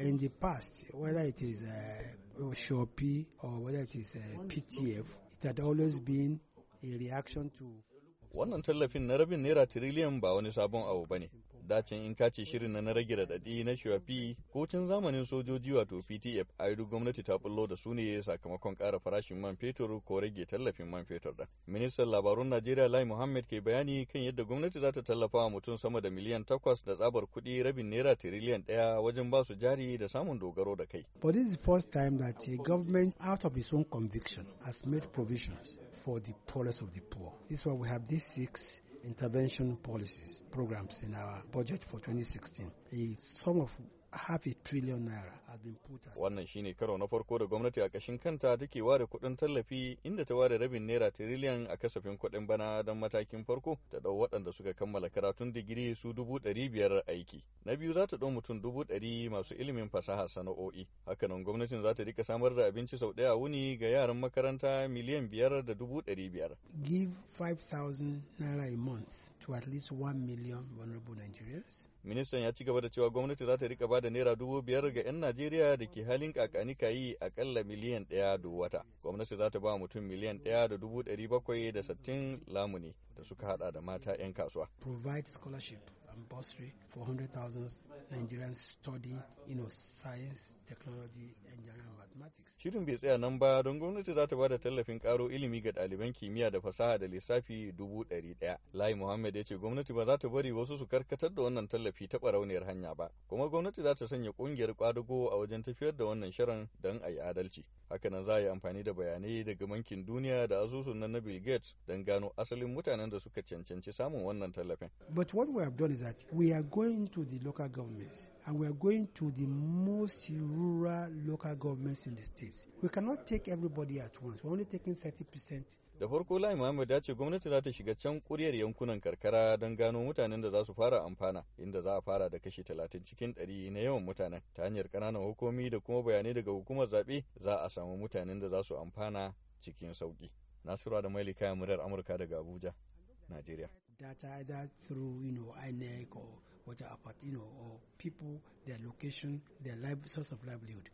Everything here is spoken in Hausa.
in the past, whether it is uh, Shopee or whether it is uh, PTF, it had always been a reaction to. Wannan tallafin na rabin naira tiriliyan ba wani sabon abu ba ne, dacin in kace eh, shirin na na rage eh, radadi na shafi eh, ko can zamanin sojoji wato ptf a gwamnati ta bullo da su ne sakamakon ƙara farashin man fetur ko rage tallafin man fetur da ministan labarun najeriya lai muhammad ke bayani kan yadda gwamnati za ta tallafa wa mutum sama da miliyan takwas da tsabar kuɗi rabin naira tiriliyan ɗaya wajen ba su jari da samun dogaro da kai for this is the first time that a government out of its own conviction has made provisions for the poorest of the poor this is why we have these six intervention policies programs in our budget for 2016 some of half a trillion naira has been put aside. Wannan shine karo na farko da gwamnati a kashin kanta take ware kuɗin tallafi inda ta ware rabin naira tiriliyan a kasafin kuɗin bana don matakin farko ta ɗau waɗanda suka kammala karatun digiri su dubu ɗari biyar aiki. Na biyu za ta ɗau mutum dubu ɗari masu ilimin fasaha sana'o'i. Hakanan gwamnatin za ta rika samar da abinci sau ɗaya wuni ga yaran makaranta miliyan biyar da dubu ɗari biyar. Give 5,000 naira a month. to at least 1 million vulnerable Nigerians. Ministan ya ci gaba da cewa gwamnati za ta rika bada naira dubu biyar ga 'yan Najeriya da ke halin kakani kayi akalla miliyan ɗaya da wata. Gwamnati za ta ba mutum miliyan ɗaya da dubu ɗari bakwai da sattin lamuni da suka hada da mata 'yan kasuwa. Provide scholarship bursary for 100,000 Nigerians studying you know, science, technology, engineering and mathematics. Shirin bai tsaya nan ba don gwamnati za ta bada tallafin karo ilimi ga ɗaliban kimiyya da fasaha da lissafi dubu ɗari ɗaya. Lai Muhammad ya ce gwamnati ba za ta bari wasu su karkatar da wannan tallafi ta barauniyar hanya ba. Kuma gwamnati za ta sanya ƙungiyar ƙwadago a wajen tafiyar da wannan shirin don a yi adalci. Hakanan za a yi amfani da bayanai daga bankin duniya da asusun na Bill Gates don gano asalin mutanen da suka cancanci samun wannan tallafin. But what we have done is that we are going to the local governments and we are going to the most rural local governments in the states. We cannot take everybody at once. We're only taking 30%. Da farko Lai Muhammad ya ce gwamnati za ta shiga can kuryar yankunan karkara don gano mutanen da za su fara amfana, inda za a fara da kashi talatin cikin ɗari na yawan mutanen. Ta hanyar ƙananan hukumi da kuma bayanai daga hukumar zaɓe za a samu mutanen da za su amfana cikin sauƙi. Nasiru da Maili kayan murar Amurka daga Abuja, Nigeria. Data either through, you know, INEC or water apart, you know, or people, their location, their life, source of livelihood.